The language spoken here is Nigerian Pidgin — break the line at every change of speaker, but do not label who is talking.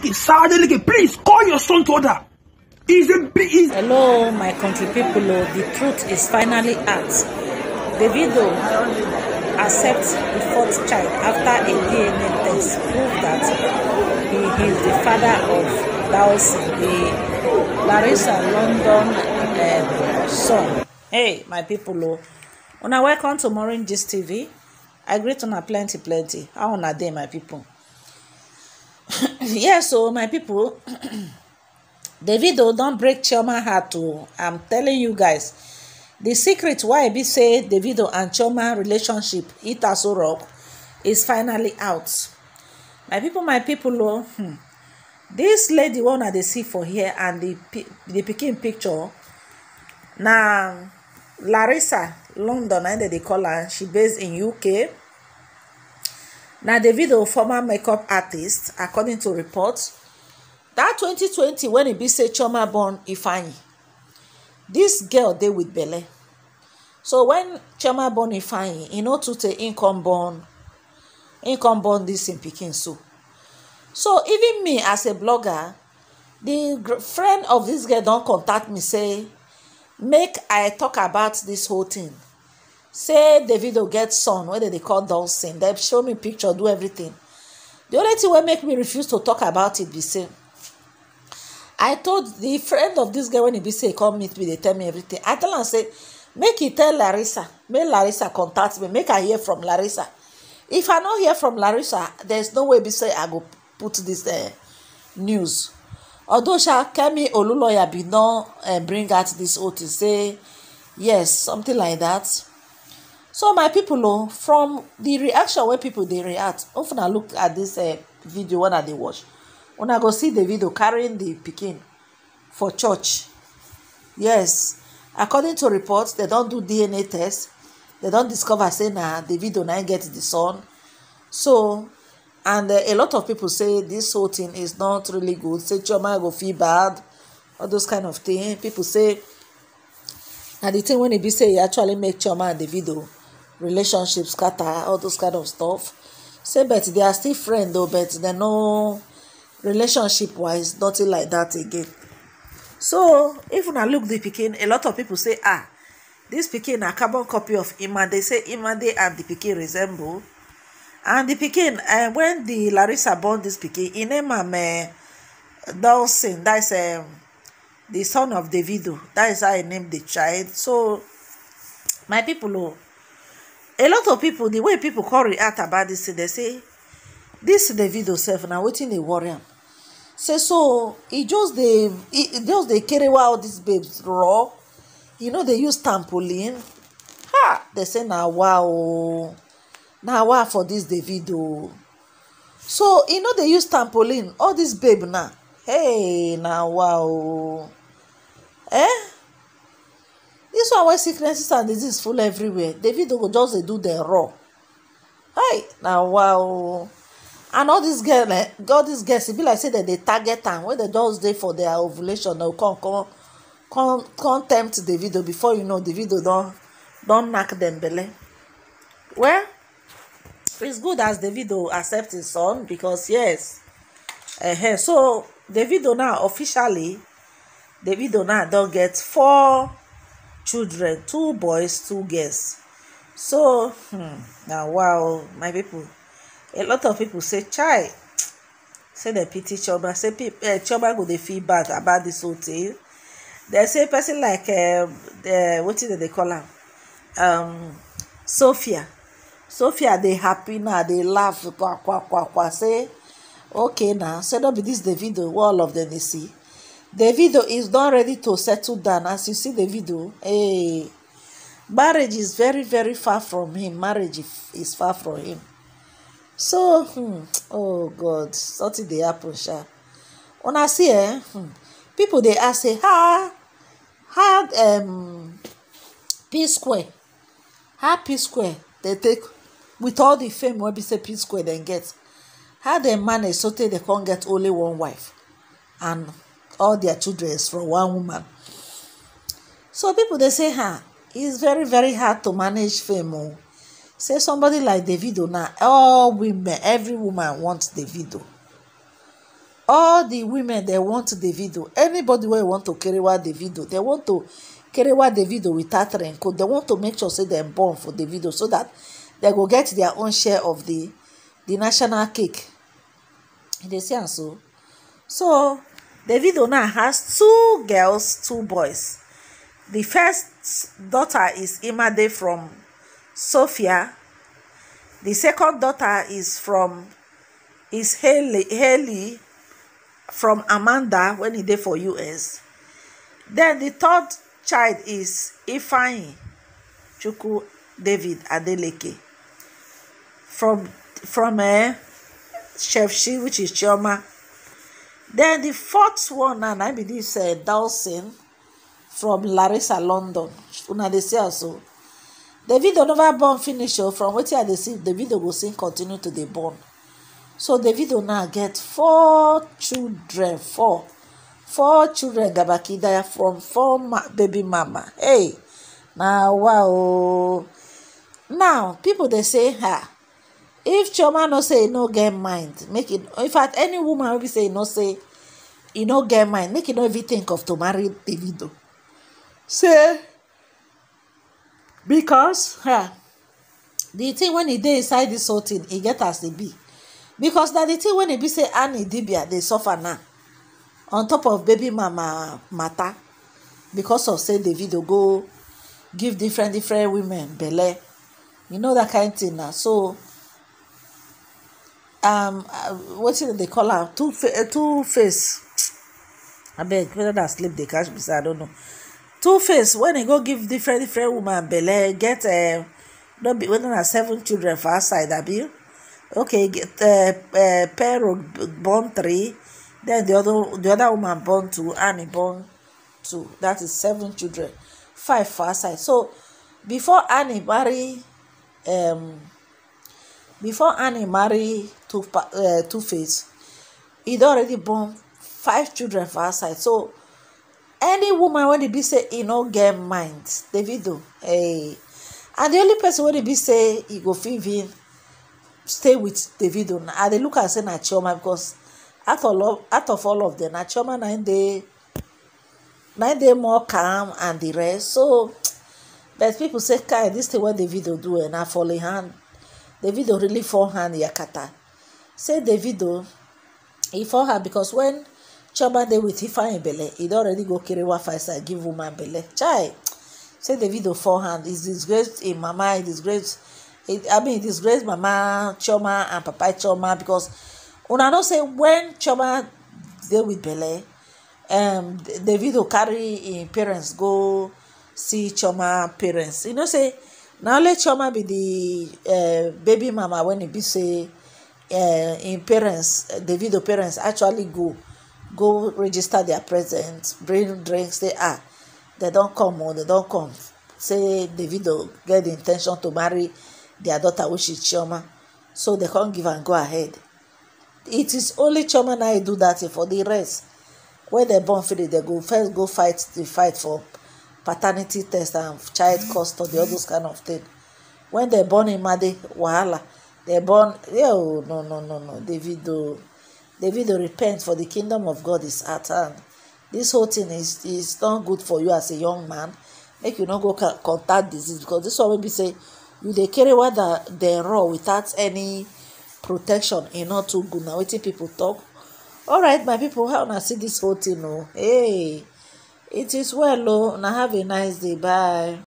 Adeleke, Sir Adeleke, please call your son to order. He's a, he's... Hello, my country people. Oh, the truth is finally out. Davido accepts the fourth child after a DNA test proved that he is the father of Dawson, the Larissa London um, son. Hey, my people. Oh. Una welcome to Maureen Gist TV. I greet una plenty plenty. How una day, my people? yes o my people, davido don break chioma heart o oh. i'm telling you guys the secret why e be say davido and chioma relationship itaso rock is finally out my people, my people, o oh, hmm dis lady one i dey see for here and the the pikin picture na larissa london na im dey call her she based in uk na davido former makeup artist according to reports dat 2020 wen e be say chioma born ifeanyi dis girl dey wit belle so wen chioma born ifeanyi e no too tey im come born im come born dis im pikin so so even me as a blogger di friend of dis girl don contact me say make i talk about dis whole thing. say will get son Whether they dey call dolson they show me picture do everything the only thing will make me refuse to talk about it be say i told the friend of this girl when he be say come meet me they tell me everything i tell him say make e tell larissa make larissa contact me make i hear from larissa if i not hear from larissa there's no way be say i go put dis eh, news although sha kemi oluloya bin don eh, bring out this oath to say yes something like that. so my people o from the reaction wey people they react Often I look at this dis eh, video wey i they watch When I go see the video carrying the pikin for church yes according to reports they don't do dna test They don't discover say na davido na im get the son so and eh, a lot of people say this whole thing is not really good say chioma go feel bad all those kind of thing People say And the thing when e be say he actually make chioma and video relationships scatter all those kind of stuff say but they are still friends though but they no relationship wise nothing like that again so if una look the pikin a lot of people say ah this pikin na carbon copy of imande say imande and the pikin resemble and di pikin eh, when the larissa born this pikin e name am um, dawson that is um, the son of davido that is how e name the child so my people, o oh, a lot of people, the way people come react about this, they say dis the video na now dey the warrior. say so he just they just they carry all these babes raw you know they use trampoline. ha They say now wow, now wow for this the video. so you know they use trampoline all dis babe now. hey now wow, oh? eh This one wey sicknesses and disease full everywhere davido go just dey do dem raw hey na wow and all these girls, eh all these girls e be like say dem dey target am wey dem just dey for their ovulation dem oh, come come come come tempt davido before you know davido don don knack dem belle well it's good as davido accept his son because yes uh-huh. so davido now officially davido now don get four children two boys two girls so hmm, na wow my people a lot of people say chai say dem pity chioma say uh, chioma go dey feel bad about this whole thing dem say person like um, uh, wetin dem dey call am um, sophia sophia dey happy na dey laugh kwa kwa kwa kwa say okay na say no be dis davido wey all of dem dey see davido is not ready to settle down as you see davido hey marriage is very very far from him marriage is far from him so hmm, oh god something dey happen sha I see eh hmm, people they ask say how how um, p square how p square they take with all the fame wey be say p square dem get how dem manage so they dem come get only one wife and all their children from one woman so people they say "Huh, it's very very hard to manage fame oh. say somebody like davido now. all women every woman the davido all the women they want davido anybody wey want to carry the davido They want to carry kerewa davido without raincoat they want to make sure say they're born for davido so that they go get their own share of the the national cake They say see ah, so so David Ona has two girls, two boys. The first daughter is Imade from Sofia. The second daughter is from is Haley, Haley from Amanda when he did for US. Then the third child is Ifeanyi chuku David Adeleke from from uh, Chef She, which is Chioma then the fourth one and i believe say uh, dawson from larissa london una they say also. so davido never born finish o oh, from wetin i dey see davido go still continue to the born so davido now get four children four four children gabaki gabakidaya from four ma baby mama hey now wow oh. now people they say ah if chioma no say e no get mind make e in fact any woman wey be say e no say e no get mind make e no even think of to marry davido say because huh, the thing when e dey inside this whole thing e get as e be because na the thing when e be say annie dibia dey suffer now on top of baby mama matter because of say davido go give different different women belle you know that kind thing na so um uh, wetin dem they call her? two uh, two face abeg whether na sleep dey catch me say i don't know two face When he go give different different woman belle get uh, no be whether na seven children for outside abi okay get uh, uh pero born three then the other the other woman born two and e born two that is seven children five for side. so before annie marry um, before annie marry two uh, two face e don already born five children for side. so any woman wey dey be say he no get mind davido hey. Eh, and the only person wey dey be say he go fit even stay with davido na i dey look at say na chioma because out of all out of all of them na chioma na im dey na im more calm and the rest so but people say kai this thing wey davido do eh, and I for im hand davido really fall hand yakata say davido he fall hand because when chioma dey with ifeanyi belle e don already go carry one five side give woman belle chai say davido fall hand e disgrace im mama he disgrace i mean he disgrace mama Choma and papa Choma because una no say when Choma dey with belle um, davido carry im parents go see Choma parents you know say Now let Choma be the eh, baby mama When it be say eh, in parents the video parents actually go go register their presence, bring drinks are. ah don't come or oh, don't come say the video get the intention to marry their daughter which is Choma, so can't give and go ahead it is only Choma na I do that. for the rest when they born free they go first go fight the fight for paternity test and child custody all those kind of thing when dem born imade wahala dem born oh no no no no David, davido davido repent for the kingdom of god is at hand this whole thing is is not good for you as a young man make you no go contact disease because this one wey be say you dey carry weather dey raw without any protection e no too good na wetin people talk All right, my people how una see this whole thing o oh? hey it is well o oh, una have a nice day bye.